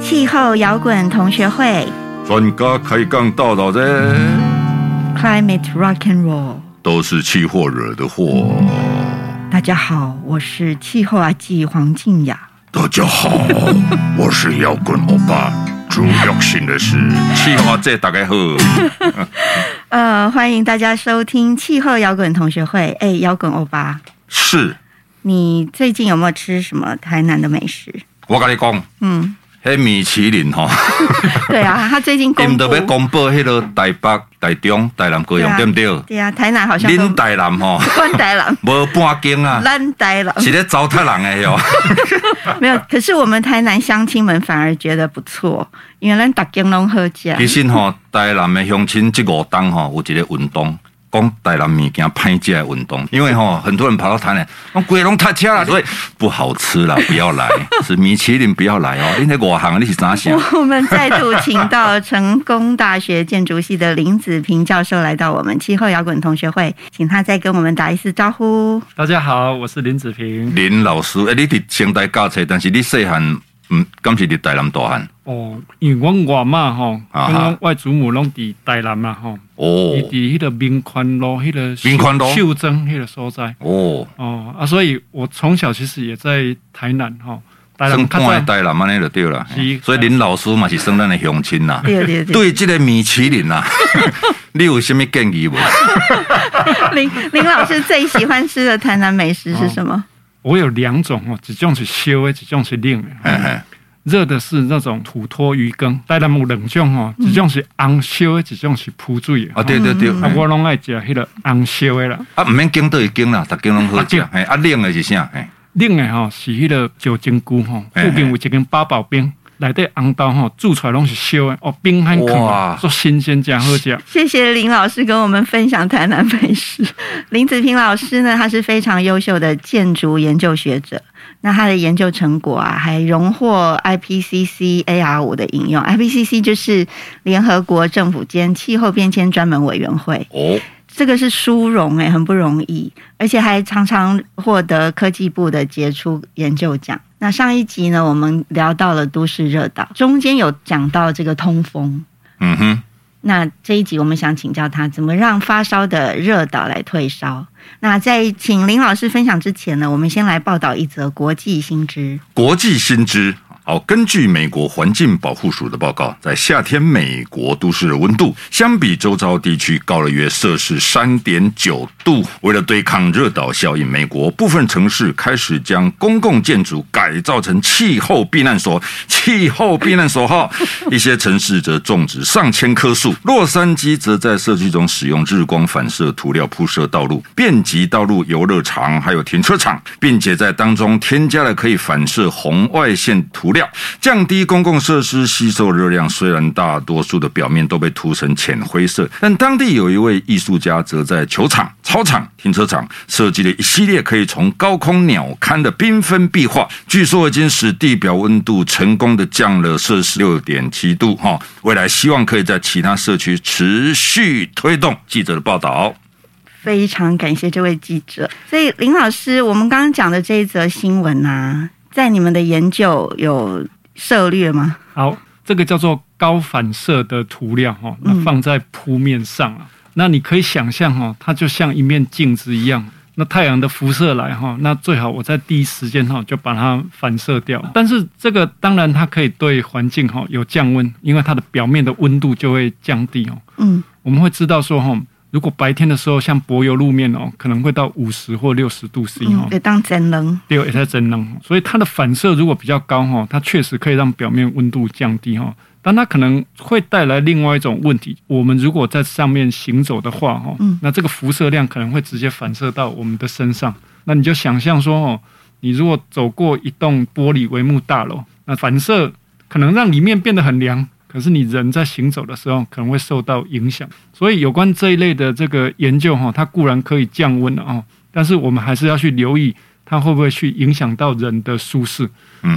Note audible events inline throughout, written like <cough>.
氣候搖滾同學會，專家可以講到的。Climate Rock and Roll，都是氣候惹的禍。大家好，我是氣候阿季黃靜雅。大家好，我是搖滾歐巴。重要性的是，氣候阿季，大家好。 <laughs> 呃，歡迎大家收聽氣候搖滾同學會。誒，搖滾歐巴，是你最近有沒有吃什麼台南的美食？我跟你講，嗯。嘿米其林吼， <laughs> 對啊，他最近公布的公布，那個台北、台中、台南、高雄、啊，對不對？對啊，台南好像恁台南吼，阮台南，無半間啊，咱台南，是咧糟蹋人誒喲！ <laughs> 沒有，可是我們台南鄉親們反而覺得不錯， <laughs> 因為咱逐間攏好食。其實吼，台南的鄉親，這五冬吼有一個運動。講台南物件，偏街穩當，因為吼，很多人跑到台南，講鬼龍太差了，所以 <laughs> 不好吃了，不要來， <laughs> 是米其林不要來哦、喔，你為外行你是哪縣？ <laughs> 我們再度請到成功大學建築系的林子平教授來到我們氣候搖滾同學會，請他再跟我們打一次招呼。大家好，我是林子平，林老師，哎、欸，你得現代駕車，但是你歲很。嗯，今時佇台南大漢。哦，因為我外媽、啊、哈，因外祖母攏佇台南嘛哈。哦。伊、那個、哦。哦啊，所以我從小其實也在台南哈。生在台南嘛，那就對了。所以林老師嘛是生咱的鄉親吶。對對即個米其林吶、啊， <laughs> <laughs> 你有什麼建議無？ <laughs> 林林老師最喜歡吃的台南美食是什麼？哦我有兩種哦，一種是燒的，一種是冷的。哎哎，熱的是那種土魠魚羹，但那有兩種哦，一種是紅燒的，一種是撲水的。啊、哦、對對對，啊、對我攏愛食迄個紅燒的啦。啊，毋免姜都一姜啦，逐姜攏好食。哎、啊，啊，冷的是啥？冷的吼是迄個酒精菇吼、哦，附近有一根八寶冰。嘿嘿來對紅刀吼煮出來都是燒誒，哦，冰鮮可口，做新鮮真好食。謝謝林老師跟我們分享台南美食。林子平老師呢，他是非常優秀的建築研究學者。那他的研究成果啊，還榮獲 IPCC AR 五的應用。IPCC，哦，就是聯合國政府間氣候變遷專門委員會。哦。這個是殊榮、欸、很不容易，而且還常常獲得科技部的傑出研究獎。那上一集呢，我們聊到了都市熱島，中間有講到這個通風。嗯哼。那這一集我們想請教他，怎麼讓發燒的熱島來退燒？那在請林老師分享之前呢，我們先來報道一則國際新知。國際新知。好，根據美國環境保護署的報告，在夏天，美國都市的溫度相比周遭地區高了約攝氏三點九度。為了對抗熱島效應，美國部分城市開始將公共建築改造成氣候避難所。氣候避難所號，一些城市則種植上千棵樹。洛杉磯則在社區中使用日光反射塗料鋪設道路，遍及道路、遊樂場還有停車場，並且在當中添加了可以反射紅外線塗料，降低公共設施吸收熱量，雖然大多數的表面都被塗成淺灰色，但當地有一位藝術家則在球場、操場、停車場設計了一系列可以從高空鳥瞰的繽紛壁畫，據說已經使地表溫度成功的降了攝氏六點七度。哈，未來希望可以在其他社區持續推動，記者的報道。非常感謝這位記者。所以林老師，我們剛剛講的這一則新聞啊。在你們的研究有涉獵嗎？好，這個叫做高反射的塗料哈，那、嗯、放在鋪面上，那你可以想象哈，它就像一面鏡子一樣。那太陽的輻射來哈，那最好我在第一時間哈就把它反射掉。但是這個當然它可以對環境哈有降溫，因為它的表面的溫度就會降低哦。嗯，我們會知道說哈。如果白天的時候，像柏油路面哦，可能會到五十或六十度 C 哦，對、嗯，當真冷，對，也在真冷。所以它的反射如果比較高哈、哦，它確實可以讓表面溫度降低哈、哦，但它可能會帶來另外一種問題。我們如果在上面行走的話哈、哦嗯，那這個輻射量可能會直接反射到我們的身上。那你就想象說哦，你如果走過一棟玻璃帷幕大樓、哦，那反射可能讓裡面變得很涼。可是你人在行走的時候可能會受到影響，所以有關這一類的這個研究哈，它固然可以降溫啊，但是我們還是要去留意它會不會去影響到人的舒適。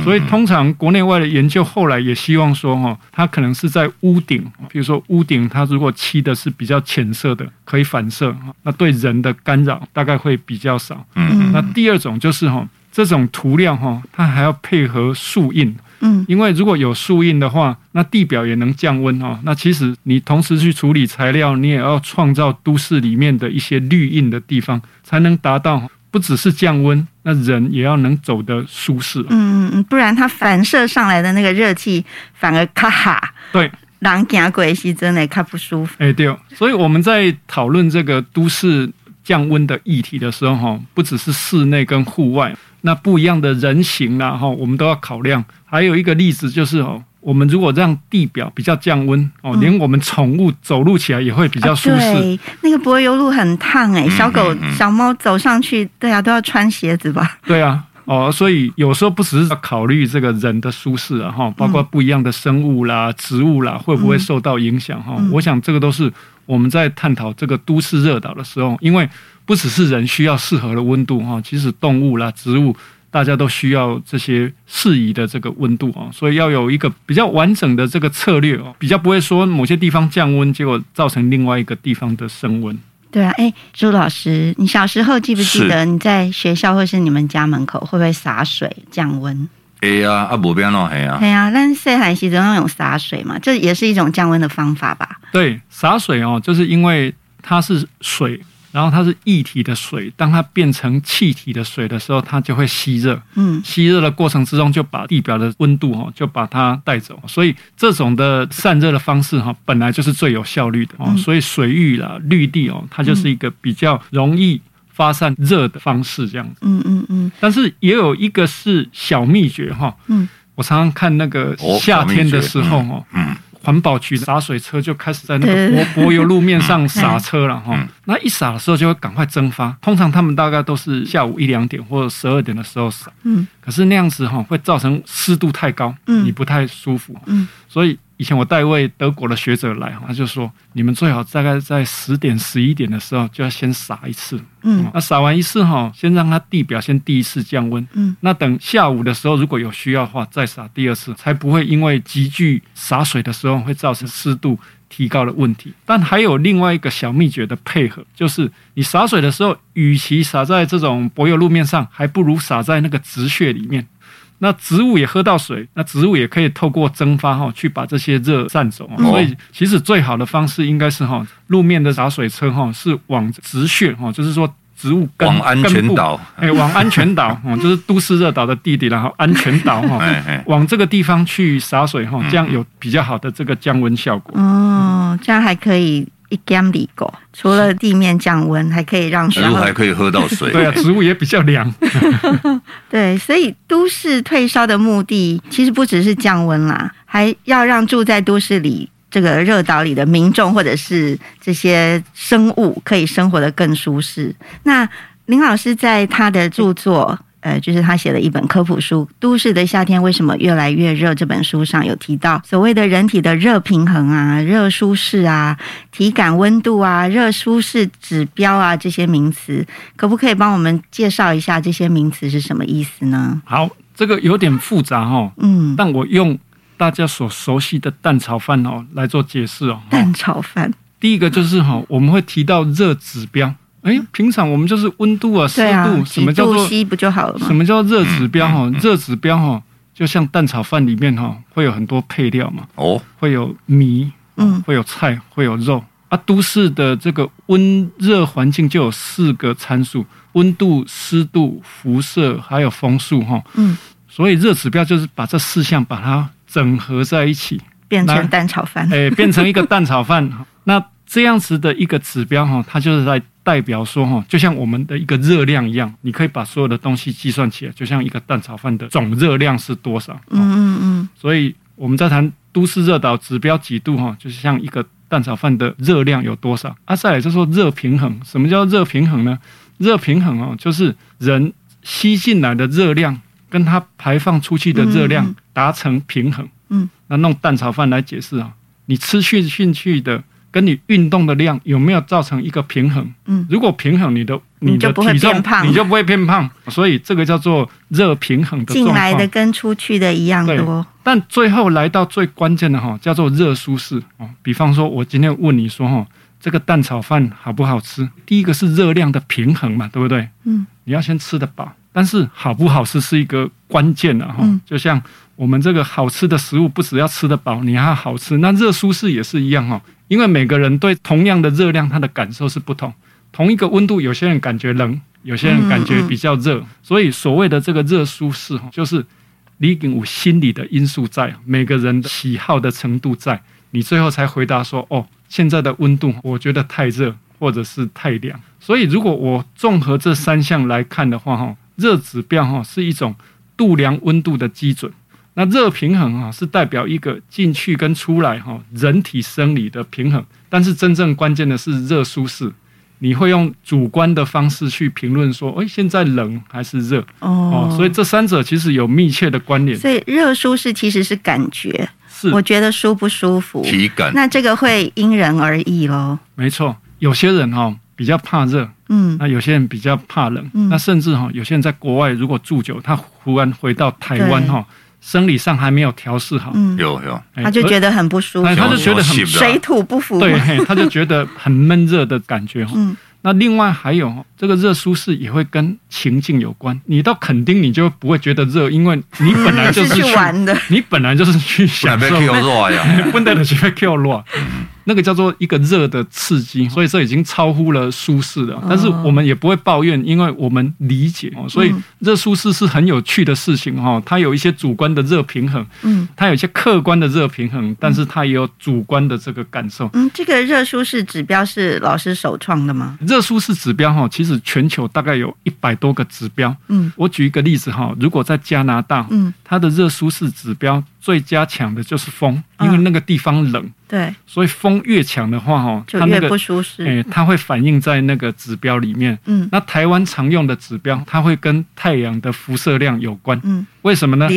所以通常國內外的研究後來也希望說哈，它可能是在屋頂，比如說屋頂它如果漆的是比較淺色的，可以反射，那對人的干擾大概會比較少。那第二種就是哈，這種塗料哈，它還要配合樹蔭。嗯，因為如果有樹蔭的話，那地表也能降溫哦。那其實你同時去處理材料，你也要創造都市裡面的一些綠蔭的地方，才能達到不只是降溫，那人也要能走得舒適。嗯，不然它反射上來的那個熱氣反而卡哈。對，人走過時真的卡不舒服。哎、欸、對哦，所以我們在討論這個都市降溫的議題的時候，哈，不只是室內跟戶外。那不一樣的人形啦，哈，我們都要考量。還有一個例子就是哦，我們如果讓地表比較降溫哦、嗯，連我們寵物走路起來也會比較舒適、啊。那個柏油路很燙哎、欸，小狗、小貓走上去，對啊，都要穿鞋子吧？對啊，哦，所以有時候不只是要考慮這個人的舒適啊，哈，包括不一樣的生物啦、植物啦，會不會受到影響哈、嗯嗯？我想這個都是我們在探討這個都市熱島的時候，因為。不只是人需要適合的溫度哈，其實動物啦、植物，大家都需要這些適宜的這個溫度啊，所以要有一個比較完整的這個策略哦，比較不會說某些地方降溫，結果造成另外一個地方的升溫。對啊。誒，朱老師，你小時候記不記得你在學校或是你們家門口會不會灑水降溫？哎呀、啊，啊，不要弄。哎呀。對啊，但是上海其實那種灑水嘛，這也是一種降溫的方法吧？對，灑水哦，就是因為它是水。然後它是液體的水，當它變成氣體的水的時候，它就會吸熱。嗯，吸熱的過程之中就把地表的溫度，就把它帶走。所以這種的散熱的方式哈，本來就是最有效率的。嗯。所以水域啦、綠地哦，它就是一個比較容易發散熱的方式這樣子。嗯嗯嗯。但是也有一個是小祕訣哈。嗯。我常常看那個夏天的時候，哦，嗯。嗯環保局灑水車就開始在那個柏柏油路面上灑車了哈， <laughs> 那一灑的時候就會趕快蒸發。通常他們大概都是下午一兩點或者十二點的時候灑，嗯，可是那樣子哈會造成濕度太高，嗯，你不太舒服，嗯，嗯，所以。以前我帶一位德國的學者來，他就說：“你們最好大概在十點、十一點的時候就要先撒一次，嗯，那撒完一次哈，先讓它地表先第一次降溫，嗯，那等下午的時候如果有需要的話，再撒第二次，才不會因為急劇灑水的時候會造成濕度提高的問題。但還有另外一個小秘訣的配合，就是你灑水的時候，與其灑在這種柏油路面上，還不如灑在那個植穴裡面。”那植物也喝到水，那植物也可以透過蒸發哈，去把這些熱散走，嗯、所以其實最好的方式應該是哈，路面的灑水車哈是往植穴哈，就是說植物根根部，往安全島。哎，往安全島，欸、 <laughs> 哦，就是都市熱島的弟弟，然後安全島哈、哦，往這個地方去灑水哈，這樣有比較好的這個降溫效果。哦，這樣還可以。一竿立過，除了地面降溫，還可以讓植物還，還可以喝到水， <laughs> 對啊，植物也比較涼。 <laughs> 對，所以都市退燒的目的其實不只是降溫啦，還要讓住在都市裡這個熱島裡的民眾或者是這些生物可以生活得更舒適。那林老師在他的著作，嗯呃，就是他寫了一本科普書《都市的夏天為什麼越來越熱》這本書上有提到所謂的人體的熱平衡啊、熱舒適啊、體感溫度啊、熱舒適指標啊這些名詞，可不可以幫我們介紹一下這些名詞是什麼意思呢？好，這個有點複雜哈，嗯，但我用大家所熟悉的蛋炒飯哦來做解釋哦。蛋炒飯，第一個就是哈，我們會提到熱指標。哎，平常我們就是溫度啊、濕度，啊、度什麼叫做呼吸不就好了嗎？什麼叫熱指標、哦？哈、嗯，熱指標哈、哦嗯，就像蛋炒飯裡面哈、哦，會有很多配料嘛。哦，會有米，嗯，會有菜，會有肉啊。都市的這個溫熱環境就有四個參數：溫度、濕度、輻射，還有風速、哦。哈，嗯，所以熱指標就是把這四項把它整合在一起，變成蛋炒飯。哎，變成一個蛋炒飯。 <laughs> 那這樣子的一個指標哈、哦，它就是在。代表說哈，就像我們的一個熱量一樣，你可以把所有的東西計算起來，就像一個蛋炒飯的總熱量是多少。嗯嗯嗯。所以我們在談都市熱島指標幾度哈，就是像一個蛋炒飯的熱量有多少。再來就是說熱平衡，什麼叫熱平衡呢？熱平衡哦，就是人吸進來的熱量跟它排放出去的熱量達成平衡。嗯。那弄蛋炒飯來解釋啊，你吃進進去的。跟你運動的量有沒有造成一個平衡？嗯，如果平衡你的你的體重你就不會變胖，你就不會變胖，所以這個叫做熱平衡的，進來的跟出去的一樣多。但最後來到最關鍵的哈，叫做熱舒適。比方說，我今天問你說哈，這個蛋炒飯好不好吃？第一個是熱量的平衡嘛，對不對？嗯，你要先吃得飽，但是好不好吃是一個關鍵的哈，就像。我們這個好吃的食物，不只要吃得飽，你還好吃。那熱舒適也是一樣哈、哦，因為每個人對同樣的熱量，他的感受是不同。同一個溫度，有些人感覺冷，有些人感覺比較熱、嗯嗯嗯。所以所謂的這個熱舒適，就是李景武心理的因素在，每個人的喜好的程度在。你最後才回答說：“哦，現在的溫度，我覺得太熱，或者是太涼。”所以如果我綜合這三項來看的話，哈，熱指標哈是一種度量溫度的基準。那熱平衡哈是代表一個進去跟出來哈，人體生理的平衡。但是真正關鍵的是熱舒適，你會用主觀的方式去評論說，誒，現在冷還是熱哦？所以這三者其實有密切的關聯。所以熱舒適其實是感覺，是我覺得舒不舒服？體感。那這個會因人而異咯。沒錯，有些人哈比較怕熱，嗯，那有些人比較怕冷，嗯。那甚至哈，有些人在國外如果住久，他忽然回到台灣哈。生理上還沒有調適好，有有，他就覺得很不舒服，嗯、他就覺得很水土不服，對，他就覺得很悶熱的感覺、嗯。那另外還有這個熱舒適也會跟情境有關，你到墾丁你就不會覺得熱，因為你本來就是去、嗯、是去玩的，你本來就是去享受，呀，那個叫做一個熱的刺激，所以這已經超乎了舒適了。但是我們也不會抱怨，因為我們理解哦。所以熱舒適是很有趣的事情哈，它有一些主觀的熱平衡，嗯，它有一些客觀的熱平衡，但是它也有主觀的這個感受。嗯，這個熱舒適指標是老師首創的嗎？熱舒適指標哈，其實全球大概有一百多個指標。嗯，我舉一個例子哈，如果在加拿大，嗯，它的熱舒適指標。最加強的就是風，因為那個地方冷，嗯、對，所以風越強的話，吼，就越不舒適，那個欸，它會反映在那個指標裡面。嗯，那台灣常用的指標，它會跟太陽的輻射量有關。嗯，為什麼呢？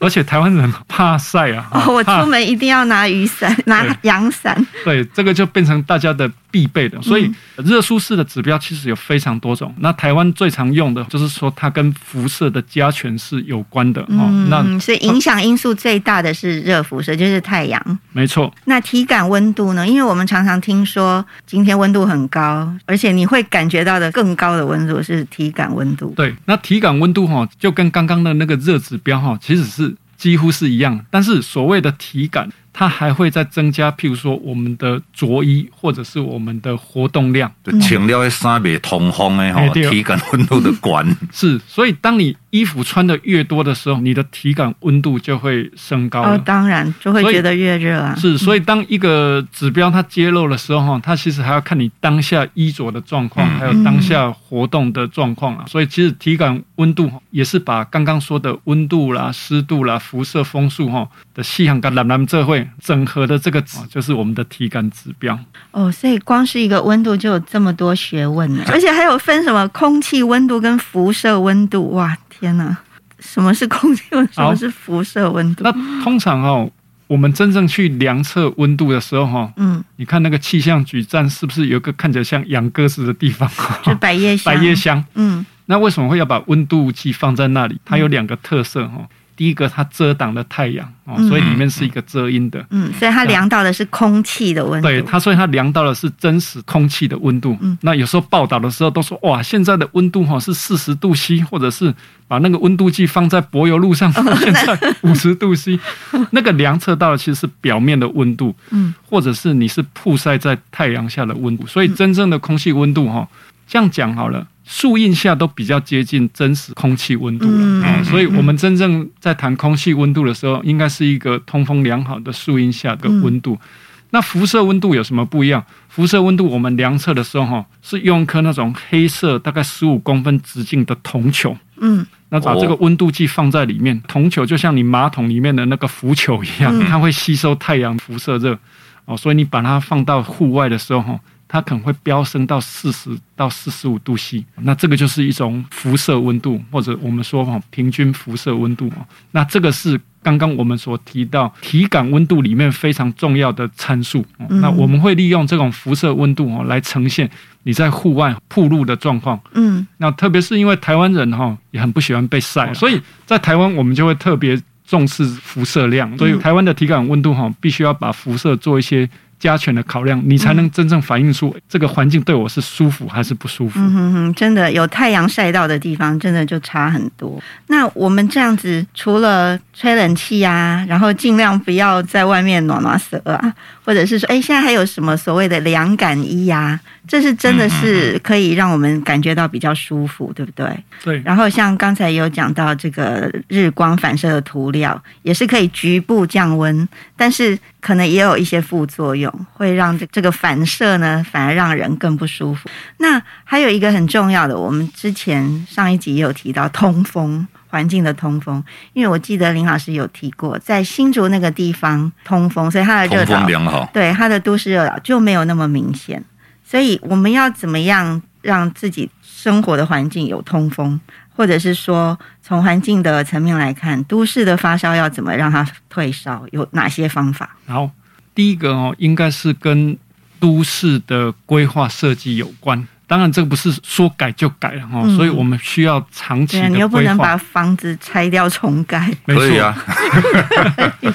而且台灣人怕曬啊！哦，我出門一定要拿雨傘、拿陽傘。對，對，這個就變成大家的必備的。嗯、所以熱舒適的指標其實有非常多種。那台灣最常用的就是說它跟輻射的加權是有關的哦、嗯。那所以影響因素最大的是熱輻射，就是太陽。沒錯。那體感溫度呢？因為我們常常聽說今天溫度很高，而且你會感覺到的更高的溫度是體感溫度。對，那體感溫度哈，就跟剛剛的那個熱指標哈，其實是。幾乎是一樣，但是所謂的體感。它還會再增加，譬如說我們的着衣，或者是我們的活動量，穿了三比通風的哈、嗯，體感溫度的管。是。所以當你衣服穿的越多的時候，你的體感溫度就會升高、哦、當然就會覺得越熱啊。是，所以當一個指標它揭露的時候哈，它其實還要看你當下衣着的狀況，還有當下活動的狀況啊、嗯。所以其實體感溫度也是把剛剛說的溫度啦、濕度啦、輻射、風速哈的氣象跟咱們這會。整合的這個值，就是我們的體感指標哦、oh,，所以光是一個溫度就有這麼多學問呢。而且還有分什麼空氣溫度跟輻射溫度哇，天吶、啊，什麼是空氣溫度？什麼是輻射溫度、哦？那通常哦，我們真正去量測溫度的時候哈、哦，嗯，你看那個氣象局站是不是有個看起來像養鴿子的地方、哦？就百葉箱，百葉箱，嗯，那為什麼會要把溫度計放在那裡？它有兩個特色哈、哦。第一個，它遮擋了太陽哦，所以裡面是一個遮陰的嗯。嗯，所以它量到的是空氣的溫度。對它，所以它量到的是真實空氣的溫度。嗯，那有時候報道的時候都說哇，現在的溫度哈是四十度 C，或者是把那個溫度計放在柏油路上，現在五十度 C，哦，那，那，那個量測到的其實是表面的溫度。嗯，或者是你是曝曬在太陽下的溫度，所以真正的空氣溫度哈，這樣講好了。樹蔭下都比較接近真實空氣溫度了，嗯嗯，所以我們真正在談空氣溫度的時候，應該是一個通風良好的樹蔭下的溫度，嗯。那輻射溫度有什麼不一樣？輻射溫度我們量測的時候，哈，是用一顆那種黑色、大概十五公分直徑的銅球，嗯，那把這個溫度計放在裡面，銅球就像你馬桶裡面的那個浮球一樣，它會吸收太陽輻射熱，哦，所以你把它放到戶外的時候，它可能會飆升到四十到四十五度 C，那這個就是一種輻射溫度，或者我們說哈平均輻射溫度，那這個是剛剛我們所提到體感溫度裡面非常重要的參數。嗯、那我們會利用這種輻射溫度哦來呈現你在戶外曝露的狀況。嗯，那特別是因為台灣人哈也很不喜歡被曬、哦，所以在台灣我們就會特別重視輻射量，嗯、所以台灣的體感溫度哈必須要把輻射做一些。加權的考量，你才能真正反映出，嗯、這個環境對我是舒服還是不舒服。嗯哼哼，真的有太陽曬到的地方，真的就差很多。那我們這樣子，除了吹冷氣呀，啊，然後盡量不要在外面暖暖蛇啊，或者是說，哎，現在還有什麼所謂的涼感衣呀，啊？這是真的是可以讓我們感覺到比較舒服，對不對？對。然後像剛才有講到這個日光反射的塗料，也是可以局部降溫，但是可能也有一些副作用，會讓這這個反射呢反而讓人更不舒服。那還有一個很重要的，我們之前上一集也有提到通風，環境的通風，因為我記得林老師有提過，在新竹那個地方通風，所以它的熱島對它的都市熱島就沒有那麼明顯。所以我們要怎麼樣讓自己生活的環境有通風，或者是說從環境的層面來看，都市的發燒要怎麼讓它退燒，有哪些方法？然後第一個哦，應該是跟都市的規劃設計有關。當然這個不是說改就改了哈、嗯，所以我們需要長期的、嗯啊。你又不能把房子拆掉重蓋，沒錯啊 <laughs> 可以。 <laughs>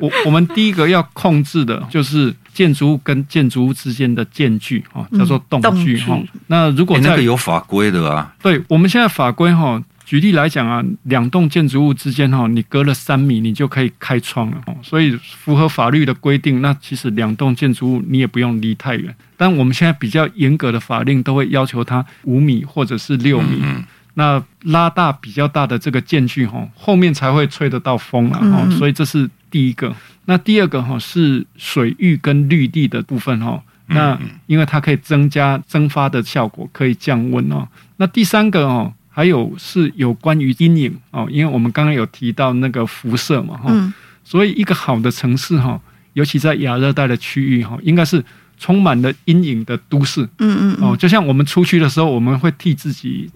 <laughs> 我我們第一個要控制的就是建築物跟建築物之間的間距哈叫做棟距哈。那如果、欸那個有法規的啊，對我們現在法規哈、哦，舉例來講啊，兩棟建築物之間哈、哦，你隔了三米，你就可以開窗了哈、哦、所以符合法律的規定，那其實兩棟建築物你也不用離太遠。但我們現在比較嚴格的法令都會要求它五米或者是六米，嗯嗯那拉大比較大的這個間距哈、哦，後面才會吹得到風了、啊嗯嗯哦、所以這是。第一個，那第二個哈是水域跟綠地的部分哈、嗯嗯，那因為它可以增加蒸發的效果，可以降溫哦。那第三個哦，還有是有關於陰影哦，因為我們剛剛有提到那個輻射嘛哈、嗯，所以一個好的城市哈，尤其在亞熱帶的區域哈，應該是。充滿了陰影的都市，嗯嗯哦、嗯，就像我們出去的時候，我們會替自己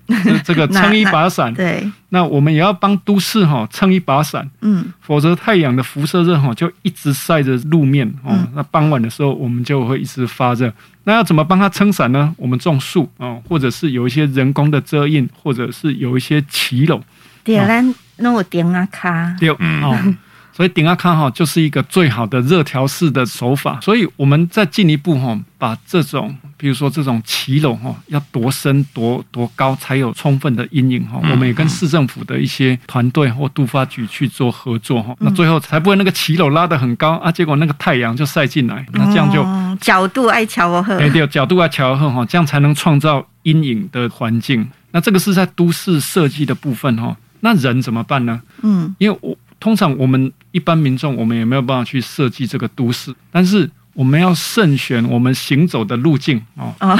這個撐一把傘， <laughs> 對，那我們也要幫都市哈撐一把傘，嗯，否則太陽的輻射熱哈就一直曬着路面哦、嗯，那傍晚的時候我們就會一直發熱、嗯。那要怎麼幫它撐傘呢？我們種樹哦，或者是有一些人工的遮蔭，或者是有一些騎樓。對啊，那我點啊卡。對，嗯、哦。 <laughs> 所以頂啊看哈，就是一個最好的熱調適的手法。所以我們再進一步哈，把這種，比如說這種騎樓哈，要多深多多高才有充分的陰影哈、嗯。我們也跟市政府的一些團隊或都發局去做合作哈、嗯。那最後才不會那個騎樓拉得很高啊，結果那個太陽就曬進來、嗯，那這樣就角度愛巧合。欸、對，角度愛巧合哈，這樣才能創造陰影的環境。那這個是在都市設計的部分哈。那人怎麼辦呢？嗯，因為我。通常我們一般民眾，我們也沒有辦法去設計這個都市，但是我們要慎選我們行走的路徑，哦，哦，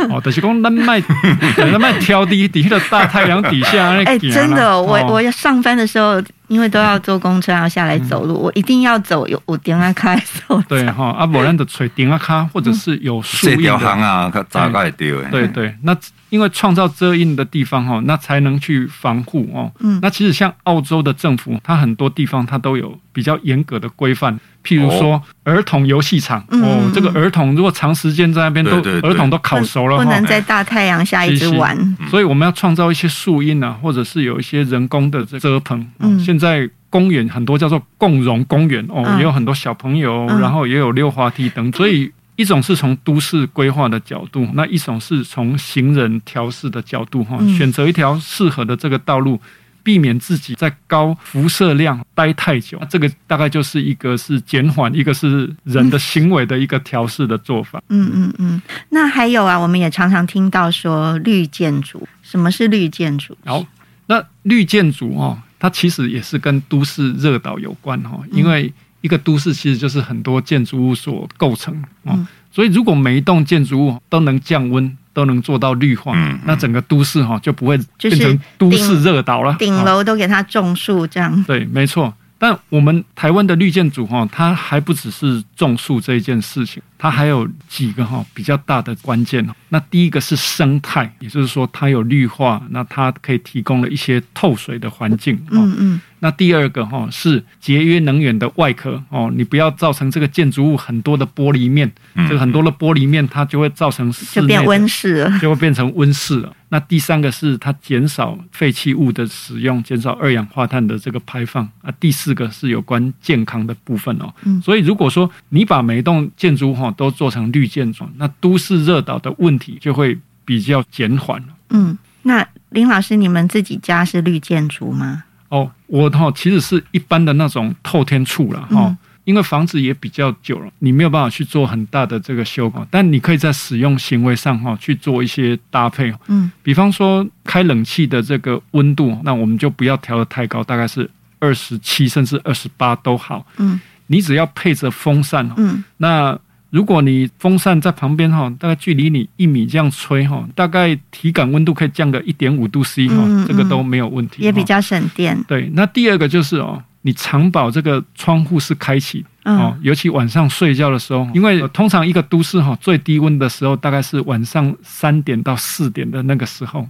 但、哦就是講恁麥恁麥挑低底的大太陽底下，哎、欸，真的、哦，我、哦、我要上班的時候。因為都要坐公車，要下來走路，嗯、我一定要走有我頂個卡走。對哈、喔，啊不然的吹頂個卡，或者是有遮行啊，遮蓋掉。對對，對，那因為創造遮陰的地方哈，那才能去防護哦、嗯喔。那其實像澳洲的政府，它很多地方它都有比較嚴格的規範，譬如說兒童遊戲場哦、喔，這個兒童如果長時間在那邊都、嗯嗯、兒童都烤熟了，不能在大太陽下一直玩、欸。所以我們要創造一些樹蔭啊，或者是有一些人工的遮棚。嗯。現在公園很多叫做共融公園哦，也有很多小朋友，嗯、然後也有溜滑梯等，所以一種是從都市規劃的角度，那一種是從行人調試的角度哈，選擇一條適合的這個道路，避免自己在高輻射量待太久，這個大概就是一個是減緩，一個是人的行為的一個調試的做法。嗯嗯嗯，那還有啊，我們也常常聽到說綠建築，什麼是綠建築？好，那綠建築哦。它其實也是跟都市熱島有關哈，因為一個都市其實就是很多建築物所構成，嗯、所以如果每一棟建築物都能降溫，都能做到綠化，嗯嗯，那整個都市哈就不會變成都市熱島了。就是、頂，頂樓都給它種樹這樣。對，沒錯。但我們台灣的綠建築哈，它還不只是種樹這一件事情。它還有幾個哈比較大的關鍵，那第一個是生態，也就是說它有綠化，那它可以提供了一些透水的環境。嗯嗯。那第二個哈是節約能源的外殼哦，你不要造成這個建築物很多的玻璃面，這個很多的玻璃面它就會造成，就變溫室，就會變成溫室。那第三個是它減少廢棄物的使用，減少二氧化碳的這個排放啊。第四個是有關健康的部分哦。所以如果說你把每一棟建築物哈。都做成綠建築，那都市熱島的問題就會比較減緩。嗯，那林老師，你們自己家是綠建築嗎？哦、oh,，我的話其實是一般的那種透天厝了哈，因為房子也比較久了，你沒有辦法去做很大的這個修改，但你可以在使用行為上哈去做一些搭配。嗯，比方說開冷氣的這個溫度，那我們就不要調得太高，大概是二十七甚至二十八都好。嗯，你只要配着風扇。嗯，那如果你風扇在旁邊哈，大概距離你一米這樣吹哈，大概體感溫度可以降個一點五度 C 哈，這個都沒有問題，也比較省電。對，那第二個就是哦，你常保這個窗戶是開啟哦、嗯，尤其晚上睡覺的時候，因為通常一個都市哈最低溫的時候大概是晚上三點到四點的那個時候，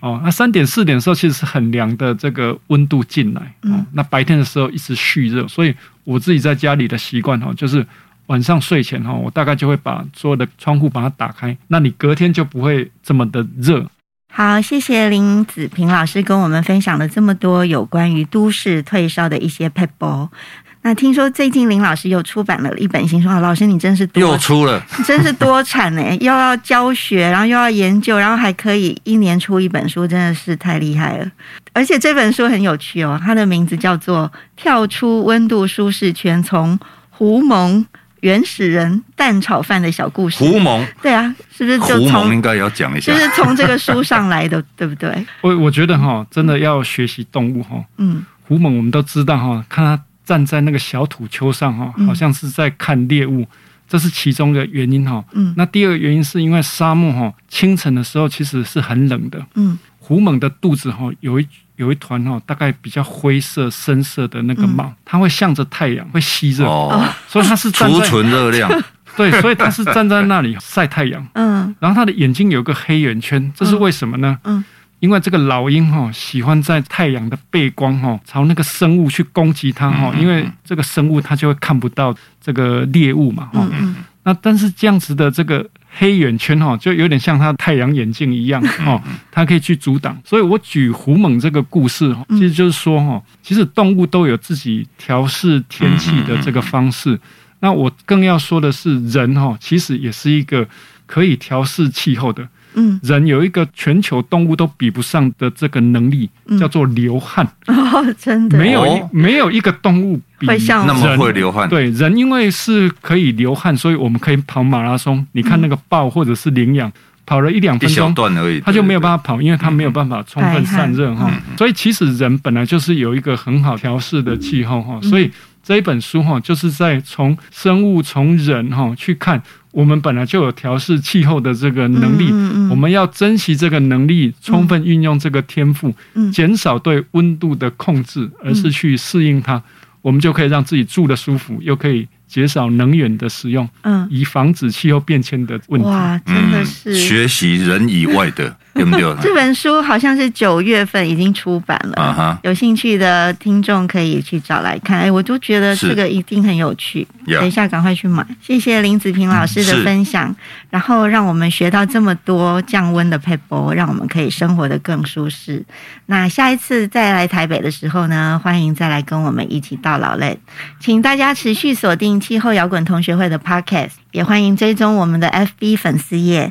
哦，那三點四點的時候其實是很涼的，這個溫度進來、嗯、那白天的時候一直蓄熱，所以我自己在家裡的習慣哈就是。晚上睡前哈，我大概就會把所有的窗戶把它打開，那你隔天就不會這麼的熱。好，謝謝林子平老師跟我們分享了這麼多有關於都市退燒的一些撇步。那聽說最近林老師又出版了一本新書，老師你真是又出了，真是多產呢， <laughs> 又要教學，然後又要研究，然後還可以一年出一本書，真的是太厲害了。而且這本書很有趣哦，它的名字叫做《跳出溫度舒適圈》，從胡蒙。原始人蛋炒飯的小故事。狐獴，對啊，是不是就從狐獴應該要講一下？就是從這個書上來的， <laughs> 對不對？我我覺得哈、哦，真的要學習動物哈、哦。嗯，狐獴我們都知道哈、哦，看他站在那個小土丘上哈、哦嗯，好像是在看獵物，這是其中的原因哈、哦。嗯，那第二個原因是因為沙漠哈、哦，清晨的時候其實是很冷的。嗯，狐獴的肚子哈、哦、有一。有一團哈，大概比較灰色、深色的那個毛，嗯，它會向着太陽，會吸熱，哦，所以它是儲存熱量。對，所以它是站在那裡曬太陽。嗯，然後它的眼睛有個黑眼圈，這是為什麼呢？嗯，因為這個老鷹哈，喜歡在太陽的背光哈，朝那個生物去攻擊它哈，因為這個生物它就會看不到這個獵物嘛哈。那但是這樣子的這個。黑眼圈哈，就有點像他太陽眼鏡一樣哈，他可以去阻擋。所以我舉狐獴這個故事哈，其實就是說哈，其實動物都有自己調適天氣的這個方式。那我更要說的是，人哈，其實也是一個可以調適氣候的。嗯、人有一個全球動物都比不上的這個能力，嗯、叫做流汗、哦。真的，沒有沒有一個動物比人、哦、那麼會流汗。對，人因為是可以流汗，所以我們可以跑馬拉松。嗯、你看那個豹或者是羚羊，跑了一兩分鐘，一小段而已，他就沒有辦法跑，對對對，因為他沒有辦法充分散熱哈、嗯嗯。所以其實人本來就是有一個很好調適的氣候哈、嗯。所以這一本書哈，就是在從生物從人哈去看。我們本來就有調適氣候的這個能力，我們要珍惜這個能力，充分運用這個天賦，減少對溫度的控制，而是去適應它，我們就可以讓自己住得舒服，又可以減少能源的使用，以防止氣候變遷的問題。嗯，哇，真的是。嗯，學習人以外的。嗯、這本書好像是九月份已經出版了。Uh -huh. 有興趣的聽眾可以去找來看。哎，我都覺得這個一定很有趣，等一下趕快去買。謝謝林子平老師的分享，嗯、然後讓我們學到這麼多降溫的配方，讓我們可以生活得更舒適。那下一次再來台北的時候呢，歡迎再來跟我們一起到老嘞！請大家持續鎖定氣候搖滾同學會的 podcast，也歡迎追蹤我們的 FB 粉絲頁。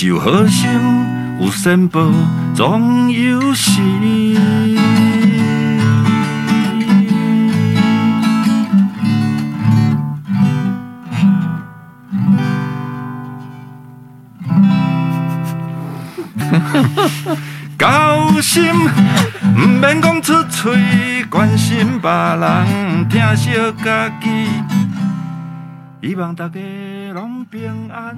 有好心，有善報，終有時高興。好心，嘸免講出嘴，關心別人，疼惜自己。希望大家攏平安。